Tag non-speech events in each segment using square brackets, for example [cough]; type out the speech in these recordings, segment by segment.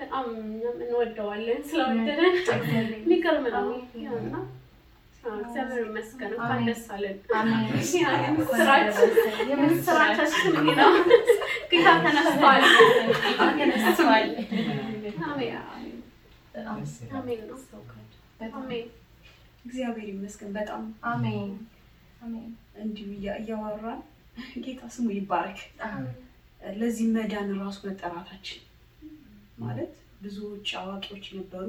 በጣም እንወደዋለን ስለወደደን የሚገርም ነው እግዚአብሔር ይመስገን እንኳን ደስ አለን። ነው ጌታ እግዚአብሔር ይመስገን በጣም አሜን። እንዲሁ እያወራን ጌታ ስሙ ይባረክ። ለዚህ መዳን ራሱ መጠራታችን ማለት ብዙዎች አዋቂዎች የነበሩ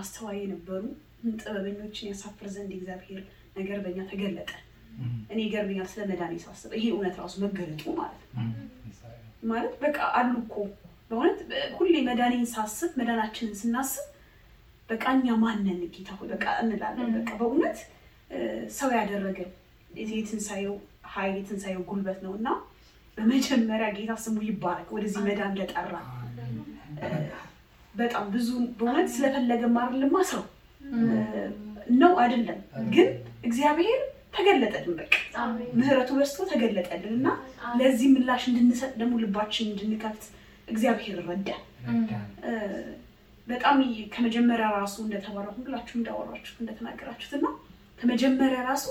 አስተዋይ የነበሩ ጥበበኞችን ያሳፍር ዘንድ እግዚአብሔር ነገር በኛ ተገለጠ። እኔ ይገርምኛል ስለ መዳን ሳስብ ይሄ እውነት ራሱ መገለጡ ማለት ነው። ማለት በቃ አሉ እኮ በእውነት ሁሌ መዳኔን ሳስብ መዳናችንን ስናስብ በቃ እኛ ማንን ጌታ ሆይ በቃ እንላለን። በቃ በእውነት ሰው ያደረገ የትንሳኤው ኃይል የትንሳኤው ጉልበት ነው እና በመጀመሪያ ጌታ ስሙ ይባረክ ወደዚህ መዳን ለጠራ በጣም ብዙ በእውነት ስለፈለገ ማርልማ ሰው ነው አይደለም። ግን እግዚአብሔር ተገለጠልን፣ በቃ ምህረቱ በስቶ ተገለጠልን እና ለዚህ ምላሽ እንድንሰጥ ደግሞ ልባችን እንድንከፍት እግዚአብሔር ረዳ። በጣም ከመጀመሪያ ራሱ እንደተባረኩ ሁላችሁ እንዳወራችሁ እንደተናገራችሁት እና ከመጀመሪያ ራሱ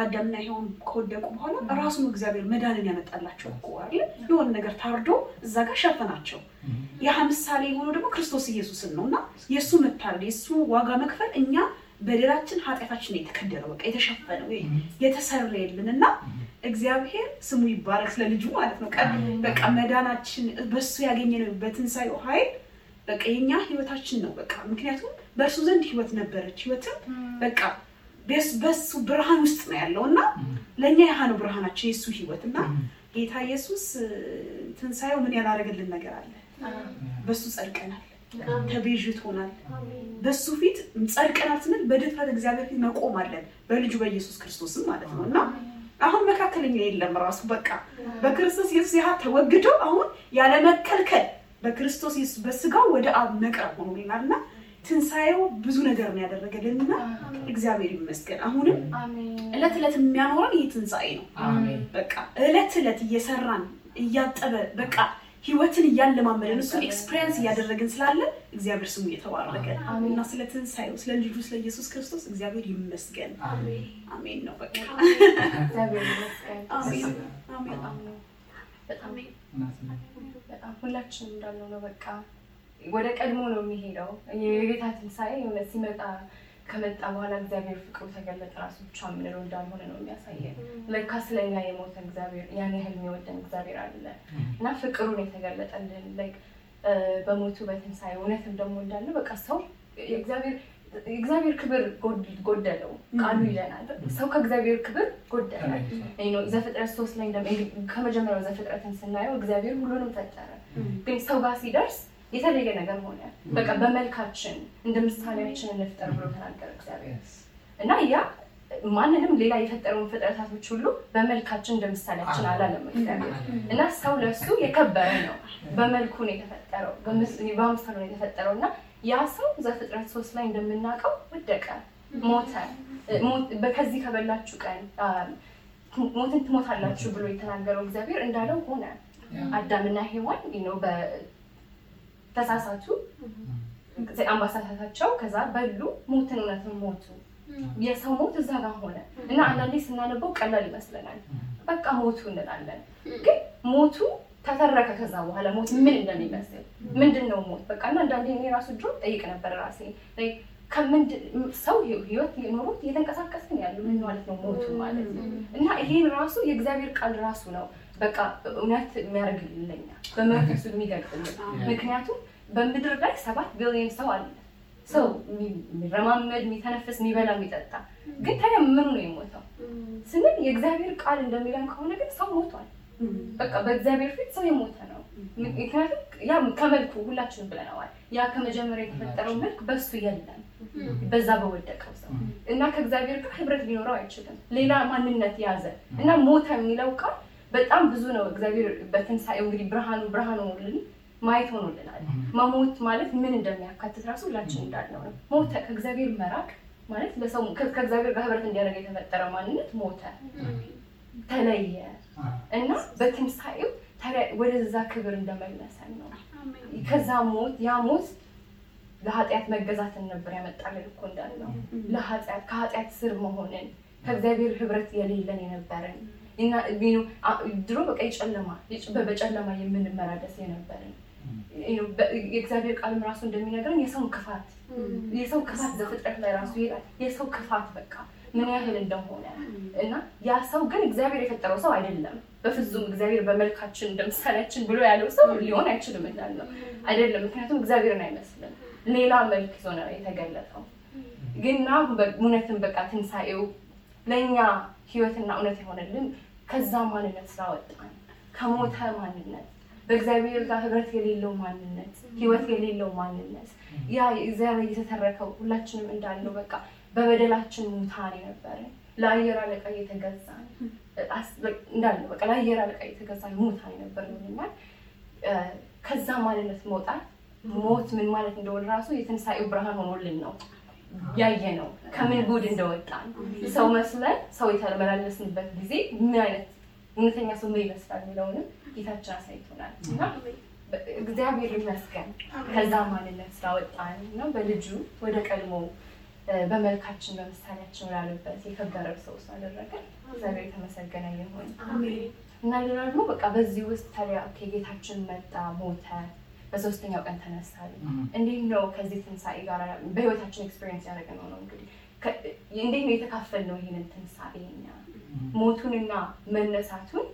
አዳምና ሔዋን ከወደቁ በኋላ ራሱ እግዚአብሔር መዳንን ያመጣላቸው እኮ አይደል? የሆነ ነገር ታርዶ እዛ ጋር ሸፈናቸው። ያ ምሳሌ የሆነው ደግሞ ክርስቶስ ኢየሱስን ነው እና የእሱ መታረድ የእሱ ዋጋ መክፈል እኛ በደላችን ኃጢአታችን ነው የተከደነው፣ በቃ የተሸፈነው እና እግዚአብሔር ስሙ ይባረክ ስለ ልጁ ማለት ነው። በቃ መዳናችን በሱ ያገኘነው በትንሳኤው ኃይል በቃ የኛ ህይወታችን ነው። በቃ ምክንያቱም በእርሱ ዘንድ ህይወት ነበረች፣ ህይወትም በቃ በሱ ብርሃን ውስጥ ነው ያለው እና ለእኛ ያህ ነው ብርሃናችን የእሱ ህይወት እና ጌታ ኢየሱስ ትንሳኤው ምን ያላረገልን ነገር አለ በሱ ጸድቀናል፣ ተቤዥቶናል። በሱ ፊት ጸድቀናል ስንል በድፍረት እግዚአብሔር ፊት መቆም አለን፣ በልጁ በኢየሱስ ክርስቶስም ማለት ነው እና አሁን መካከለኛ የለም። ራሱ በቃ በክርስቶስ ኢየሱስ ያህ ተወግዶ አሁን ያለመከልከል በክርስቶስ ኢየሱስ በስጋው ወደ አብ መቅረብ ሆኖልናል እና ትንሣኤው ብዙ ነገር ነው ያደረገልን እና እግዚአብሔር ይመስገን። አሁንም እለት እለት የሚያኖረን ይህ ትንሣኤ ነው። በቃ እለት እለት እየሰራን እያጠበ በቃ ህይወትን እያለማመደን እሱ ኤክስፒሪየንስ እያደረግን ስላለ እግዚአብሔር ስሙ እየተባረከ እና ስለ ትንሳኤው ስለ ልጁ ስለ ኢየሱስ ክርስቶስ እግዚአብሔር ይመስገን። አሜን ነው በቃ ሁላችንም እንዳለው ነው። በቃ ወደ ቀድሞ ነው የሚሄደው የቤታ ትንሳኤ ሲመጣ ከመጣ በኋላ እግዚአብሔር ፍቅሩ ተገለጠ ራሱ ብቻ የምንለው እንዳልሆነ ነው የሚያሳየን። ለካ ስለኛ የሞተ እግዚአብሔር ያን ያህል የሚወደን እግዚአብሔር አለ እና ፍቅሩን የተገለጠልን በሞቱ በትንሳኤ እውነትም ደግሞ እንዳለ በቃ ሰው የእግዚአብሔር ክብር ጎደለው ቃሉ ይለናል። ሰው ከእግዚአብሔር ክብር ጎደለ። ዘፍጥረት ሶስት ላይ ከመጀመሪያው ዘፍጥረትን ስናየው እግዚአብሔር ሁሉንም ፈጠረ፣ ግን ሰው ጋር ሲደርስ የተለየ ነገር ሆነ። በቃ በመልካችን እንደ ምሳሌያችን እንፍጠር ብሎ ተናገረ እግዚአብሔር እና ያ ማንንም ሌላ የፈጠረውን ፍጥረታቶች ሁሉ በመልካችን እንደ ምሳሌያችን አላለም እግዚአብሔር እና ሰው ለሱ የከበረ ነው። በመልኩ ነው የተፈጠረው፣ በምሳሌ ነው የተፈጠረው እና ያ ሰው ዘፍጥረት ሶስት ላይ እንደምናውቀው ወደቀ፣ ሞተ። ከዚህ ከበላችሁ ቀን ሞትን ትሞታላችሁ ብሎ የተናገረው እግዚአብሔር እንዳለው ሆነ። አዳምና ሔዋን ነው ተሳሳቱ አምባሳሳታቸው ከዛ በሉ ሞትን እውነትን ሞቱ የሰው ሞት እዛ ጋር ሆነ እና አንዳንዴ ስናነበው ቀላል ይመስለናል በቃ ሞቱ እንላለን ግን ሞቱ ተተረከ ከዛ በኋላ ሞት ምን እንደሚመስል ምንድን ነው ሞት በቃ እና አንዳንዴ እኔ ራሱ ድሮ ጠይቅ ነበር ራሴ ሰው ህይወት የኖሩት እየተንቀሳቀስን ያሉ ምን ማለት ነው ሞቱ ማለት ነው እና ይሄን ራሱ የእግዚአብሔር ቃል ራሱ ነው በቃ እውነት የሚያደርግልኛል በመንፈሱ የሚገልጽልን። ምክንያቱም በምድር ላይ ሰባት ቢሊዮን ሰው አለ። ሰው የሚረማመድ የሚተነፍስ፣ የሚበላ፣ የሚጠጣ ግን ታዲያ ምኑ ነው የሞተው ስንል የእግዚአብሔር ቃል እንደሚለን ከሆነ ግን ሰው ሞቷል። በቃ በእግዚአብሔር ፊት ሰው የሞተ ነው። ምክንያቱም ያ ከመልኩ ሁላችንም ብለነዋል። ያ ከመጀመሪያ የተፈጠረው መልክ በሱ የለም በዛ በወደቀው ሰው እና ከእግዚአብሔር ጋር ህብረት ሊኖረው አይችልም። ሌላ ማንነት ያዘ እና ሞተ የሚለው ቃል በጣም ብዙ ነው። እግዚአብሔር በትንሳኤው እንግዲህ ብርሃኑ ብርሃኑ ሆኖልን ማየት ሆኖልናል። መሞት ማለት ምን እንደሚያካትት ራሱ ሁላችን እንዳልነው ነው። ሞተ ከእግዚአብሔር መራቅ ማለት በሰው ከእግዚአብሔር ጋር ህብረት እንዲያደርግ የተፈጠረ ማንነት ሞተ፣ ተለየ እና በትንሳኤው ወደዛ ክብር እንደመለሰን ነው። ከዛ ሞት ያ ሞት ለኃጢአት መገዛትን ነበር ያመጣልን እኮ እንዳልነው ለኃጢአት ከኃጢአት ስር መሆንን ከእግዚአብሔር ህብረት የሌለን የነበረን ድሮ በቃ የጨለማ በጨለማ የምንመላለስ የነበርን የእግዚአብሔር ቃልም ራሱ እንደሚነግረን የሰውን ክፋት የሰው ክፋት በፍጥረት ላይ ራሱ ይላል። የሰው ክፋት በቃ ምን ያህል እንደሆነ እና ያ ሰው ግን እግዚአብሔር የፈጠረው ሰው አይደለም። በፍጹም እግዚአብሔር በመልካችን እንደምሳሌያችን ብሎ ያለው ሰው ሊሆን አይችልም እንዳለው አይደለም። ምክንያቱም እግዚአብሔርን አይመስልም፣ ሌላ መልክ ይዞ የተገለጠው። ግን እውነትን በቃ ትንሳኤው ለእኛ ህይወትና እውነት የሆነልን ከዛ ማንነት ስላወጣን ከሞተ ማንነት በእግዚአብሔር ጋር ህብረት የሌለው ማንነት ህይወት የሌለው ማንነት ያ እግዚአብሔር እየተተረከው ሁላችንም እንዳለው በቃ በበደላችን ሙታን የነበረ ለአየር አለቃ እየተገዛን እንዳለው በቃ ለአየር አለቃ እየተገዛን ሙታን የነበር ይሆናል። ከዛ ማንነት መውጣት ሞት ምን ማለት እንደሆነ ራሱ የትንሣኤው ብርሃን ሆኖልን ነው ያየ ነው ከምን ጉድ እንደወጣን ሰው መስለን ሰው የተመላለስንበት ጊዜ ምን አይነት እውነተኛ ሰው ምን ይመስላል የሚለውንም ጌታችን አሳይቶናል እና እግዚአብሔር ይመስገን ከዛ ማንነት ስላወጣን እና በልጁ ወደ ቀድሞ በመልካችን በምሳሌያችን ላለበት የከበረ ሰው አደረገ። እግዚአብሔር የተመሰገነ ይሁን እና ሌላ ደግሞ በቃ በዚህ ውስጥ ታዲያ ጌታችን መጣ ሞተ በሶስተኛው ቀን ተነሳል። እንዴት ነው ከዚህ ትንሳኤ ጋር በህይወታችን ኤክስፔሪንስ ያደረግነው ነው እንግዲህ እንዴት ነው የተካፈልነው ይህንን ትንሳኤ እኛ ሞቱንና መነሳቱን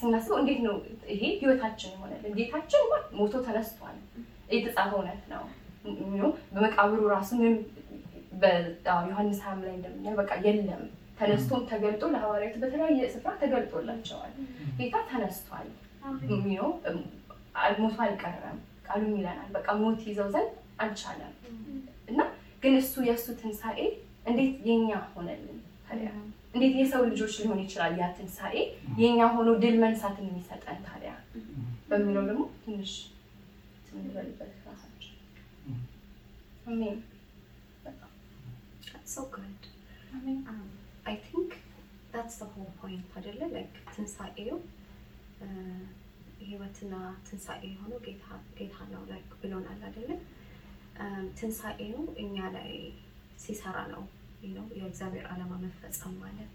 ስናስበው እንዴት ነው ይሄ ህይወታችን የሆነልን? ጌታችን ሞቶ ተነስቷል፣ የተጻፈ እውነት ነው። በመቃብሩ ራሱ ምንም በዮሐንስ ሀያም ላይ እንደምናየው በቃ የለም ተነስቶም ተገልጦ ለሐዋርያቱ በተለያየ ስፍራ ተገልጦላቸዋል። ጌታ ተነስቷል። ሞቱ አልቀረም ቃሉም ይለናል። በቃ ሞት ይዘው ዘንድ አልቻለም እና ግን እሱ የእሱ ትንሣኤ እንዴት የኛ ሆነልን ታዲያ? እንዴት የሰው ልጆች ሊሆን ይችላል ያ ትንሣኤ የኛ ሆኖ ድል መንሳትን የሚሰጠን ታዲያ በሚለው ደግሞ ትንሽ ትንበልበት ራሳችን አሜን። so good. I mean, um, I think አይደለ? like ትንሣኤው uh, ህይወትና ትንሳኤ የሆነው ጌታ ነው ላይ ብሎናል አይደለም። ትንሳኤው እኛ ላይ ሲሰራ ነው ነው የእግዚአብሔር ዓላማ መፈጸም ማለት።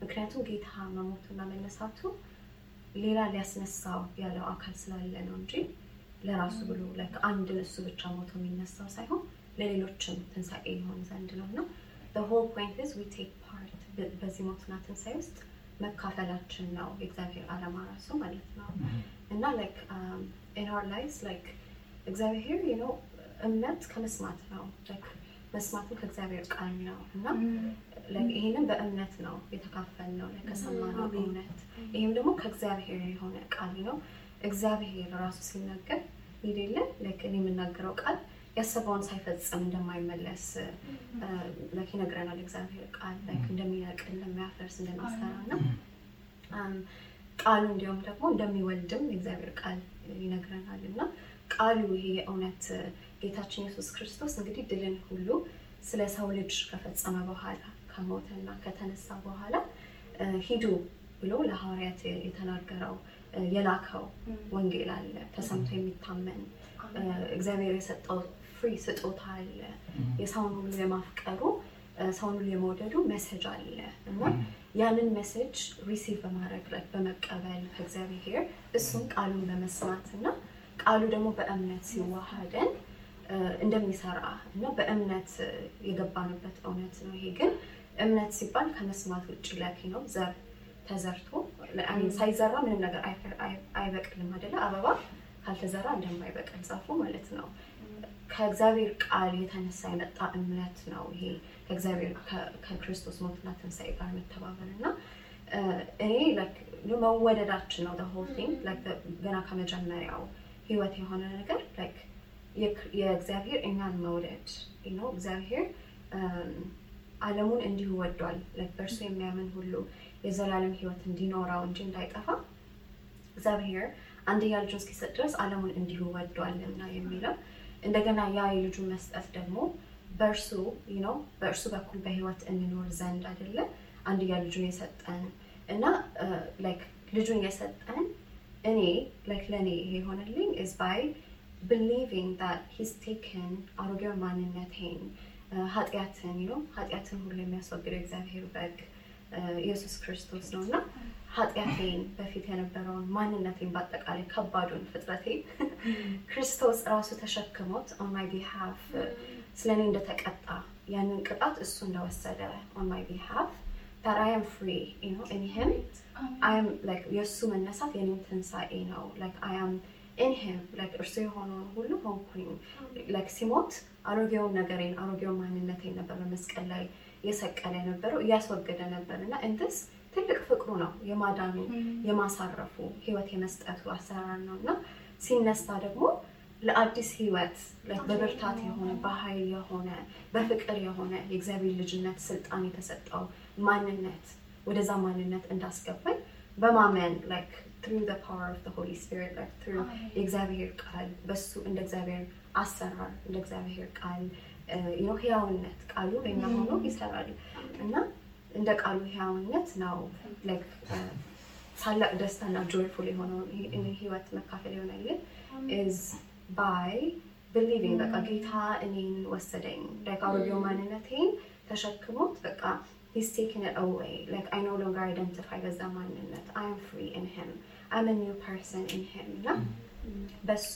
ምክንያቱም ጌታ መሞቱና መነሳቱ ሌላ ሊያስነሳው ያለው አካል ስላለ ነው እንጂ ለራሱ ብሎ አንድ እሱ ብቻ ሞቶ የሚነሳው ሳይሆን ለሌሎችም ትንሳኤ የሆን ዘንድ ነው ነው ሆል ፖይንት ዊ ቴክ ፓርት በዚህ ሞትና ትንሳኤ ውስጥ መካፈላችን ነው የእግዚአብሔር አለማረሱ ራሱ ማለት ነው። እና ላይክ ኢን አወር ላይክ እግዚአብሔር ነው እምነት ከመስማት ነው ላይክ ከእግዚአብሔር ቃል ነው እና ይህንም በእምነት ነው የተካፈል ነው ከሰማነው እምነት ይህም ደግሞ ከእግዚአብሔር የሆነ ቃል ነው። እግዚአብሔር ራሱ ሲናገር ይደለ እኔ የምናገረው ቃል ያሰበውን ሳይፈጽም እንደማይመለስ ላይክ ይነግረናል እግዚአብሔር ቃል ላይክ እንደሚነቅል እንደሚያፈርስ እንደሚያሰራ ነው ቃሉ እንዲሁም ደግሞ እንደሚወልድም የእግዚአብሔር ቃል ይነግረናል እና ቃሉ ይሄ የእውነት ጌታችን ኢየሱስ ክርስቶስ እንግዲህ ድልን ሁሉ ስለ ሰው ልጅ ከፈጸመ በኋላ ከሞተና ከተነሳ በኋላ ሂዱ ብሎ ለሐዋርያት የተናገረው የላከው ወንጌል አለ ተሰምቶ የሚታመን እግዚአብሔር የሰጠው ፍሪ ስጦታ አለ። የሰውን ሁሉ የማፍቀሩ ሰውን ሁሉ የመውደዱ መሰጅ አለ እና ያንን መሰጅ ሪሲቭ በማድረግ በመቀበል ከእግዚአብሔር እሱን ቃሉን በመስማት እና ቃሉ ደግሞ በእምነት ሲዋሃደን እንደሚሰራ እና በእምነት የገባንበት እውነት ነው። ይሄ ግን እምነት ሲባል ከመስማት ውጭ ላኪ ነው። ዘር ተዘርቶ ሳይዘራ ምንም ነገር አይበቅልም አይደለ? አበባ ካልተዘራ እንደማይበቅል ዛፉ ማለት ነው። ከእግዚአብሔር ቃል የተነሳ የመጣ እምነት ነው ይሄ ከእግዚአብሔር ከክርስቶስ ሞትና ትንሣኤ ጋር መተባበር እና እኔ መወደዳችን ነው ሆል ቲንግ ገና ከመጀመሪያው ህይወት የሆነ ነገር የእግዚአብሔር እኛን መውደድ ነው። እግዚአብሔር ዓለሙን እንዲሁ ወዷል በእርሱ የሚያምን ሁሉ የዘላለም ህይወት እንዲኖረው እንጂ እንዳይጠፋ እግዚአብሔር አንድያ ልጁን እስኪሰጥ ድረስ ዓለሙን እንዲሁ ወዷልና የሚለው እንደገና ያ የልጁ መስጠት ደግሞ በእርሱ ነው በእርሱ በኩል በህይወት እንኖር ዘንድ አይደለም አንድያ ልጁን የሰጠን እና ላይክ uh, ልጁን የሰጠን እኔ ላይክ ለእኔ ይሄ የሆነልኝ ኢዝ ባይ ብሊቪንግ ዛት ሂዝ ቴክን አሮጌው ማንነቴን uh, ኃጢአትን ነው ኃጢአትን ሁሉ የሚያስወግደው እግዚአብሔር በግ uh, ኢየሱስ ክርስቶስ ነው እና ኃጢአቴን በፊት የነበረውን ማንነቴን በአጠቃላይ ከባዱን ፍጥረቴን [laughs] ክርስቶስ ራሱ ተሸክሞት ኦንማይ ቢሃፍ ስለ እኔ እንደተቀጣ ያንን ቅጣት እሱ እንደወሰደ ኦንማይ ቢሃፍ ዳት አይ አም ፍሪ ኢን ሂም አይ የእሱ መነሳት የኔን ትንሣኤ ነው ላይክ አይ እርሱ የሆነውን ሁሉ ሆንኩኝ ሲሞት አሮጌውን ነገሬን አሮጌውን ማንነቴን ነበር በመስቀል ላይ የሰቀለ ነበረው እያስወገደ ነበር እና እንትስ ትልቅ ፍቅሩ ነው የማዳኑ የማሳረፉ ህይወት የመስጠቱ አሰራር ነው እና ሲነሳ ደግሞ ለአዲስ ህይወት በብርታት የሆነ በኃይል የሆነ በፍቅር የሆነ የእግዚአብሔር ልጅነት ስልጣን የተሰጠው ማንነት ወደዛ ማንነት እንዳስገባኝ በማመን ላይክ ትሩ ፓወር ኦፍ ሆሊ ስፒሪት ላይክ ትሩ የእግዚአብሔር ቃል በሱ እንደ እግዚአብሔር አሰራር እንደ እግዚአብሔር ቃል ህያውነት ቃሉ በኛ ሆኖ ይሰራል እና እንደ ቃሉ ህያውነት ነው። ታላቅ ደስታና ጆይፉል የሆነውን ህይወት መካፈል ይሆናል። ግን ኢዝ ባይ ብሊቪንግ በቃ ጌታ እኔን ወሰደኝ፣ ላይክ አሮጌው ማንነቴን ተሸክሞት በቃ ሂስ ቴክን አዌይ ላይክ አይ ኖ ሎንገር አይደንቲፋይ በዛ ማንነት አይ አም ፍሪ ኢን ሂም አይ አም ኒው ፐርሰን ኢን ሂም እና በሱ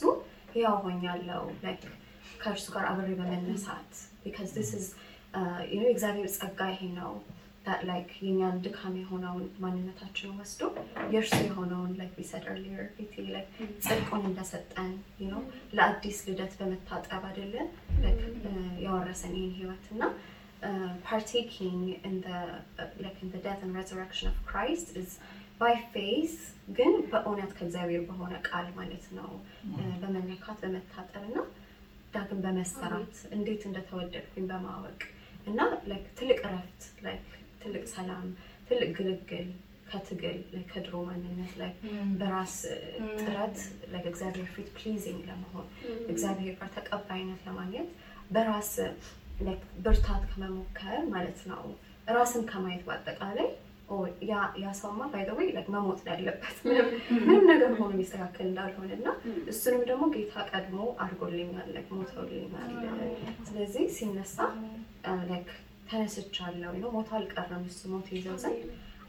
ህያው ሆኛለሁ ላይክ ከእርሱ ጋር አብሬ በመነሳት ቢካዝ ዚስ ኢዝ እግዚአብሔር ጸጋ ይሄ ነው ላይክ የኛን ድካም የሆነውን ማንነታችንን ወስዶ የእርሱ የሆነውን ላይክ ቢሰድ ርሊየር ቤቴ ላይ ጽድቁን እንደሰጠን ነው ለአዲስ ልደት በመታጠብ አይደለን uh, ያወረሰን ይህን ህይወት እና uh, partaking in the like in the death and resurrection of Christ ግን በእውነት ከእግዚአብሔር በሆነ ቃል ማለት ነው uh, በመነካት በመታጠብ እና ዳግም በመሰራት እንዴት እንደተወደድኩኝ በማወቅ እና ትልቅ እረፍት ትልቅ ሰላም፣ ትልቅ ግልግል ከትግል ከድሮ ማንነት ላይ በራስ ጥረት እግዚአብሔር ፊት ፕሊዚንግ ለመሆን እግዚአብሔር ጋር ተቀባይነት ለማግኘት በራስ ብርታት ከመሞከር ማለት ነው። ራስን ከማየት በአጠቃላይ ያሰማ ባይዘወይ መሞት ነው ያለበት ምንም ነገር ሆኖ የሚስተካከል እንዳልሆነ እና እሱንም ደግሞ ጌታ ቀድሞ አድርጎልኛል፣ ሞተውልኛል። ስለዚህ ሲነሳ ተነስቻለሁ ነው ሞት አልቀረም እሱ ሞት ይዘው ዘንድ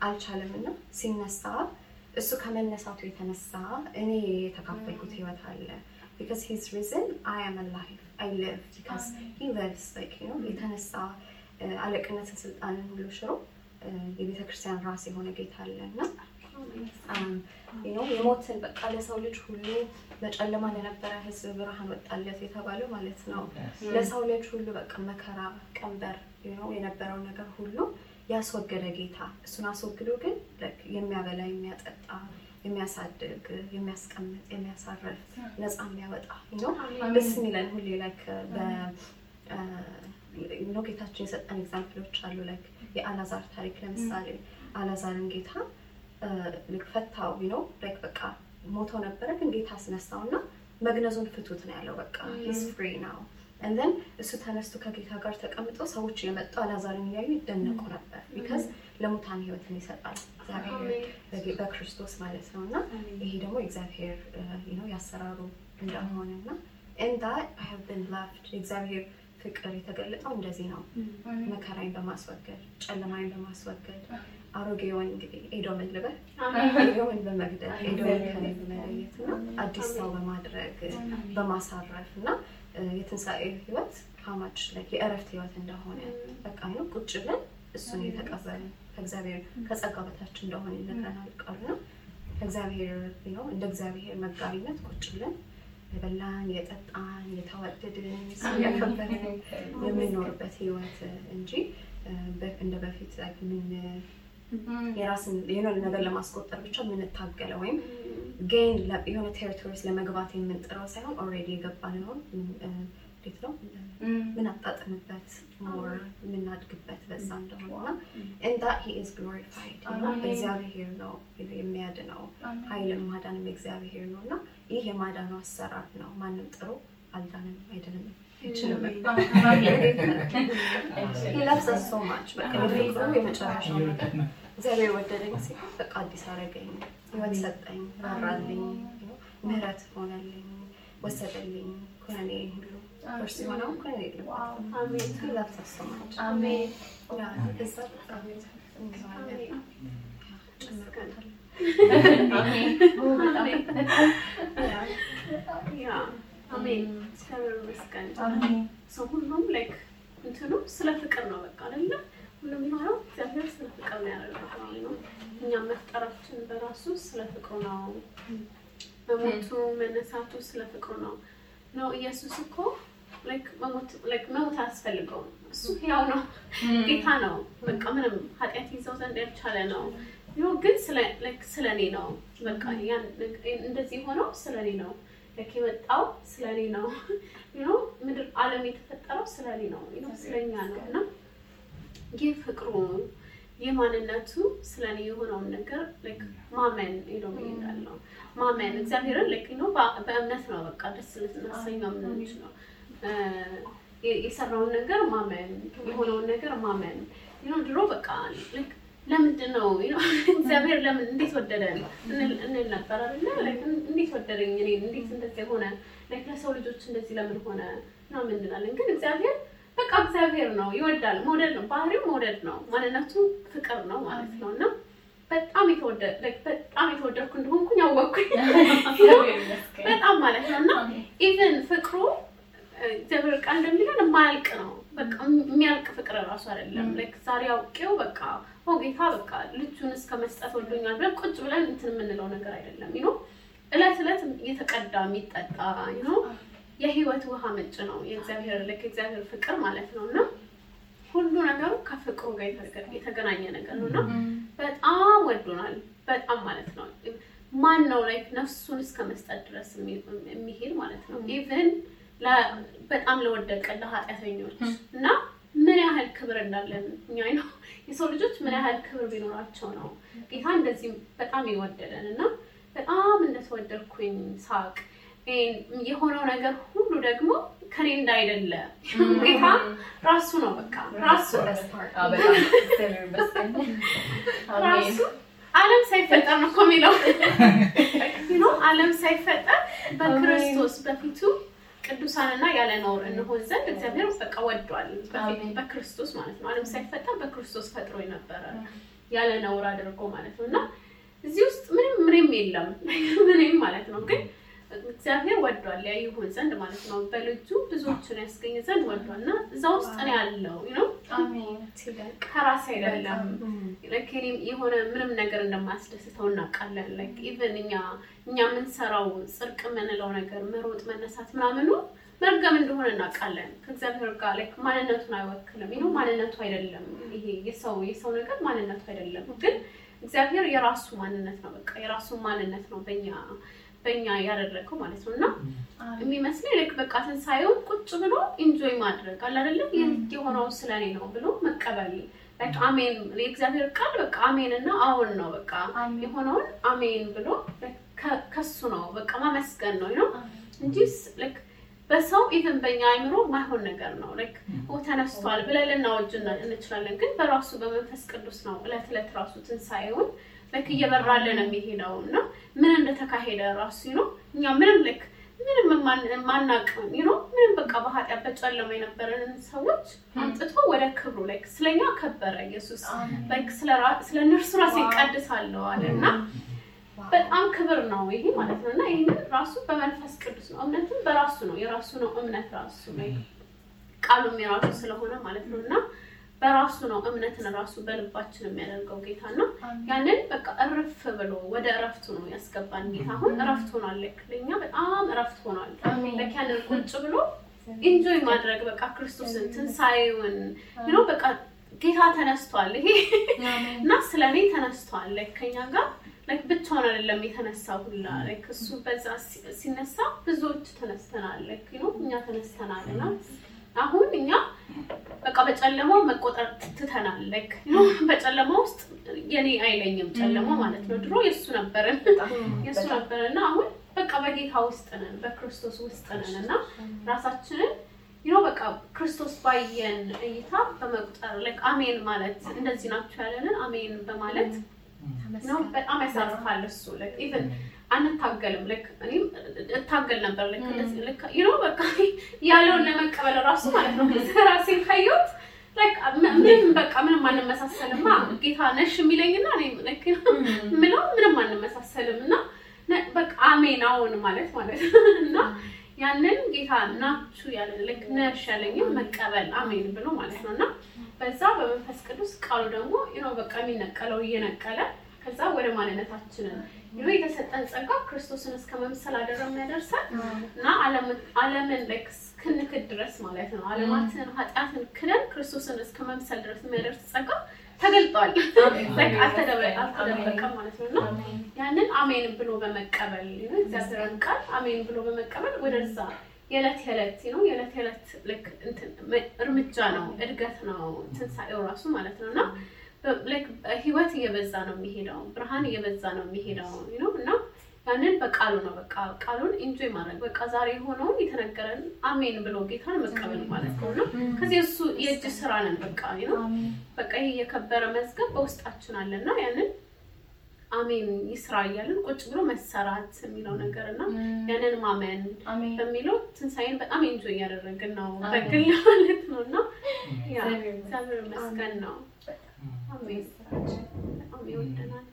አልቻለም እና ሲነሳ እሱ ከመነሳቱ የተነሳ እኔ የተካፈልኩት ህይወት አለ because he's risen I am alive I live because he lives like you know የተነሳ አለቅነትን ስልጣንን ሁሉ ሽሮ የቤተ ክርስቲያን ራስ የሆነ ጌታ አለ እና um, የሞትን በቃ ለሰው ልጅ ሁሉ በጨለማ ለነበረ ህዝብ ብርሃን ወጣለት የተባለው ማለት ነው። ለሰው ልጅ ሁሉ በቃ መከራ ቀንበር ነው የነበረው ነገር ሁሉ ያስወገደ ጌታ እሱን አስወግዶ ግን የሚያበላ የሚያጠጣ የሚያሳድግ የሚያስቀምጥ የሚያሳረፍ ነፃ የሚያወጣ ደስ የሚለን ሁሌ ላይክ ጌታችን የሰጠን ኤግዛምፕሎች አሉ ላይክ የአላዛር ታሪክ ለምሳሌ አላዛርን ጌታ ልክ ፈታው ቢኖ ላይክ በቃ ሞተው ነበረ ግን ጌታ አስነሳው እና መግነዙን ፍቱት ነው ያለው በቃ ሂስ ፍሪ ነው እንደን እሱ ተነስቶ ከጌታ ጋር ተቀምጦ ሰዎች የመጡ አላዛርን እያዩ ይደነቁ mm-hmm. ነበር። ቢካዝ mm-hmm. ለሙታን ህይወትን ይሰጣል እግዚአብሔር በክርስቶስ ማለት ነው። እና ይሄ ደግሞ እግዚአብሔር ነው uh, ያሰራሩ እንደሆነ እና እንዳ ብን ላፍድ እግዚአብሔር ፍቅር የተገለጠው እንደዚህ ነው፣ mm-hmm. መከራይን በማስወገድ ጨለማይን በማስወገድ አሮጌውን እንግዲህ ኤዶምን ልበል ኤዶምን በመግደል ኤዶምን ከመለየት እና አዲስ ሰው በማድረግ በማሳረፍ እና የትንሳኤ ህይወት ሀማች ላይ የእረፍት ህይወት እንደሆነ በቃ ነው ቁጭ ብለን እሱን የተቀበልን ከእግዚአብሔር ከጸጋ በታች እንደሆነ ይነግረናል ነው። ከእግዚአብሔር ነው እንደ እግዚአብሔር መጋቢነት ቁጭ ብለን የበላን የጠጣን የተዋደድን ያከበርን የምንኖርበት ህይወት እንጂ እንደ በፊት ምን Mm-hmm. የራስን የሆነ ነገር ለማስቆጠር ብቻ የምንታገለው ወይም ጌን የሆነ ቴሪቶሪስ ለመግባት የምንጥረው ሳይሆን ኦልሬዲ የገባነውን እንዴት ነው mm-hmm. ምናጣጥምበት ሞር mm-hmm. የምናድግበት በዛ እንደሆነና እንዳ ኢዝ ግሎሪፋይድ እግዚአብሔር ነው የሚያድነው ኃይልም ማዳንም እግዚአብሔር ነው እና ይህ የማዳኑ አሰራር ነው ማንም ጥሩ አልዳንም አይደለም ይለብሰ ሶ ማች በቃ የመጨረሻው ነገር እግዚአብሔር ወደደኝ ሲል በቃ አዲስ አደረገኝ ህይወት ሰጠኝ፣ ራራልኝ፣ ምህረት ሆነልኝ፣ ወሰደልኝ። ኩነኔ ሁሉ እርሱ የሆነው ኩነኔ ሁሉም ላይክ እንትኑ ስለ ፍቅር ነው በቃ አይደለም ሁሉም የሆነው እግዚአብሔር ስለ ፍቅር ነው ያደረገው ነው። እኛም መፍጠራችን በራሱ ስለ ፍቅር ነው። በሞቱ መነሳቱ ስለ ፍቅር ነው ነው ኢየሱስ እኮ መሞት አያስፈልገውም። እሱ ያው ነው፣ ጌታ ነው። በቃ ምንም ኃጢአት ይዘው ዘንድ ያልቻለ ነው። ይኸው ግን ስለ ነው። በቃ እንደዚህ የሆነው ስለኔ ነው። ለክ የመጣው ስለ ነው። [laughs] ምድር ዓለም የተፈጠረው ስለ እኔ ነው። ስለኛ ነው እና የፍቅሩን የማንነቱ ስለኔ የሆነውን ነገር ማመን ነው ይላለው። ማመን እግዚአብሔርን ልክ ነው፣ በእምነት ነው። በቃ ደስ ልትናሰኝ ማምኖች ነው የሰራውን ነገር ማመን፣ የሆነውን ነገር ማመን ነው። ድሮ በቃ ልክ ለምንድን ነው እግዚአብሔር ለምን እንዴት ወደደን እንል ነበር አይደለ? እንዴት ወደደኝ እኔ እንዴት እንደዚህ ሆነ? ለሰው ልጆች እንደዚህ ለምን ሆነ ነው ምንላለን። ግን እግዚአብሔር በቃ እግዚአብሔር ነው ይወዳል። መውደድ ነው ባህሪው፣ መውደድ ነው ማንነቱ፣ ፍቅር ነው ማለት ነው እና በጣም በጣም የተወደድኩ እንደሆንኩኝ ያወቅኩኝ በጣም ማለት ነው እና ኢቨን ፍቅሩ እግዚአብሔር ቃል እንደሚለን የማያልቅ ነው። በቃ የሚያልቅ ፍቅር እራሱ አይደለም። ላይክ ዛሬ አውቄው በቃ ኦ ጌታ በቃ ልጁን እስከ መስጠት ወዶኛል ብለን ቁጭ ብለን እንትን የምንለው ነገር አይደለም። ይኖ እለት እለት እየተቀዳ የሚጠጣ ይኖ የህይወት ውሃ ምንጭ ነው። የእግዚአብሔር ልክ የእግዚአብሔር ፍቅር ማለት ነው እና ሁሉ ነገሩ ከፍቅሩ ጋር የተገናኘ ነገር ነው እና በጣም ወዶናል። በጣም ማለት ነው ማን ነው ላይ ነፍሱን እስከ መስጠት ድረስ የሚሄድ ማለት ነው ኢቨን በጣም ለወደቀ ለኃጢአተኞች እና ምን ያህል ክብር እንዳለን እኛ ነው የሰው ልጆች ምን ያህል ክብር ቢኖራቸው ነው ጌታ እንደዚህ በጣም የወደደን እና በጣም እንደተወደድኩኝ ሳቅ የሆነው ነገር ሁሉ ደግሞ ከኔ እንዳይደለ ጌታ ራሱ ነው። በቃ ራሱ ራሱ ዓለም ሳይፈጠር ነው እኮ የሚለው ዓለም [laughs] ሳይፈጠር በክርስቶስ በፊቱ ቅዱሳንና ያለ ነውር እንሆን ዘንድ እግዚአብሔር በቃ ወዷል። በክርስቶስ ማለት ነው። ዓለም ሳይፈጠር በክርስቶስ ፈጥሮ የነበረ ያለ ነውር አድርጎ ማለት ነው እና እዚህ ውስጥ ምንም ምንም የለም [laughs] ምንም ማለት ነው ግን እግዚአብሔር ወዷል ያ ይሁን ዘንድ ማለት ነው። በልጁ ብዙዎችን ያስገኝ ዘንድ ወዷል እና እዛ ውስጥ ነው ያለው ነው ከራስ አይደለም። የሆነ ምንም ነገር እንደማያስደስተው እናውቃለን። ላይክ ኢቨን እኛ እኛ የምንሰራው ጽርቅ የምንለው ነገር መሮጥ፣ መነሳት ምናምኑ መርገም እንደሆነ እናውቃለን። ከእግዚአብሔር ጋር ላይክ ማንነቱን አይወክልም። ይኸው ማንነቱ አይደለም። ይሄ የሰው የሰው ነገር ማንነቱ አይደለም። ግን እግዚአብሔር የራሱ ማንነት ነው። በቃ የራሱ ማንነት ነው በእኛ በእኛ ያደረገው ማለት ነው እና የሚመስለኝ ልክ በቃ ትንሳኤውን ቁጭ ብሎ ኢንጆይ ማድረግ አለ አይደለም ይህ የሆነው ስለኔ ነው ብሎ መቀበል አሜን የእግዚአብሔር ቃል በቃ አሜን እና አሁን ነው በቃ የሆነውን አሜን ብሎ ከሱ ነው በቃ ማመስገን ነው ነው እንጂ ልክ በሰው ኢቨን በኛ አይምሮ ማይሆን ነገር ነው ልክ ተነስቷል ብለን ልናወጅ እንችላለን ግን በራሱ በመንፈስ ቅዱስ ነው እለት እለት ራሱ ትንሳኤውን ላይክ እየበራለ ነው የሚሄደው እና ምን እንደተካሄደ ራሱ ነው እኛ ምንም ልክ ምንም ማናቅ ነው ምንም በቃ በኃጢአት በጨለማ የነበረንን ሰዎች አምጥቶ ወደ ክብሩ ላይክ ስለኛ ከበረ ኢየሱስ ላይክ ስለ እነርሱ ራሱ ይቀድሳለሁ አለ እና በጣም ክብር ነው ይሄ ማለት ነው። እና ይህንን ራሱ በመንፈስ ቅዱስ ነው እምነትም በራሱ ነው የራሱ ነው እምነት ራሱ ቃሉም የራሱ ስለሆነ ማለት ነው እና በራሱ ነው እምነትን ራሱ በልባችን የሚያደርገው ጌታ ነው። ያንን በቃ እረፍ ብሎ ወደ እረፍቱ ነው ያስገባን ጌታ። አሁን እረፍት ሆኗል፣ ልክ በጣም እረፍት ሆኗል። ያንን ቁጭ ብሎ ኢንጆይ ማድረግ በቃ ክርስቶስን ትንሳኤውን ኖ በቃ ጌታ ተነስቷል ይሄ እና ስለ እኔ ተነስቷል ላይ ከኛ ጋር ላይክ ብቻውን አይደለም የተነሳ ሁላ ላይክ እሱ በዛ ሲነሳ ብዙዎች ተነስተናል ላይክ እኛ ተነስተናል እና አሁን እኛ በቃ በጨለማው መቆጠር ትተናል። ላይክ በጨለማ ውስጥ የኔ አይለኝም ጨለማ mm. ማለት ነው። ድሮ የእሱ ነበረን የእሱ ነበረን እና አሁን በቃ በጌታ ውስጥ ነን፣ በክርስቶስ ውስጥ ነን እና ራሳችንን ይኖ በቃ ክርስቶስ ባየን እይታ በመቁጠር ላይክ አሜን ማለት እንደዚህ ናቸው ያለንን አሜን በማለት ነው። mm. በጣም ያሳርፋል እሱ ላይክ ኢቨን አንታገልም። ልክ እኔም እታገል ነበር። ልክ በ በቃ ያለውን ለመቀበል ራሱ ማለት ነው ራሴን ካየሁት ምንም በቃ ምንም አንመሳሰልማ ጌታ ነሽ የሚለኝና ምለው ምንም አንመሳሰልም እና በቃ አሜን አዎን ማለት ማለት እና ያንን ጌታ ናችሁ ያለ ልክ ነሽ ያለኝም መቀበል አሜን ብሎ ማለት ነው እና በዛ በመንፈስ ቅዱስ ቃሉ ደግሞ ነው በቃ የሚነቀለው እየነቀለ ከዛ ወደ ማንነታችንን ይሄ የተሰጠን ጸጋ ክርስቶስን እስከ መምሰል አደረም ያደርሳል እና ዓለምን ላይ እስክንክድ ድረስ ማለት ነው። ዓለማትን ኃጢአትን ክነን ክርስቶስን እስከ መምሰል ድረስ የሚያደርስ ጸጋ ተገልጧል። አልተደበቀም ማለት ነው እና ያንን አሜን ብሎ በመቀበል እግዚአብሔርን ቃል አሜን ብሎ በመቀበል ወደዛ የዕለት የዕለት ነው የዕለት የዕለት እርምጃ ነው እድገት ነው ትንሳኤው ራሱ ማለት ነው እና ህይወት እየበዛ ነው የሚሄደው፣ ብርሃን እየበዛ ነው የሚሄደው ነው እና ያንን በቃሉ ነው በቃ ቃሉን ኢንጆይ ማድረግ በቃ ዛሬ የሆነውን የተነገረን አሜን ብሎ ጌታን መቀበል ማለት ነው እና mm. ከዚህ እሱ የእጅ ስራ ነን በቃ ነው በቃ ይህ የከበረ መዝገብ በውስጣችን አለና ያንን አሜን ይስራ እያለን ቁጭ ብሎ መሰራት የሚለው ነገር እና mm. ያንን ማመን በሚለው ትንሳኤን በጣም ኢንጆይ እያደረግን ነው በግል ማለት ነው እና እግዚአብሔር ይመስገን ነው። I'll be, I'll be mm. with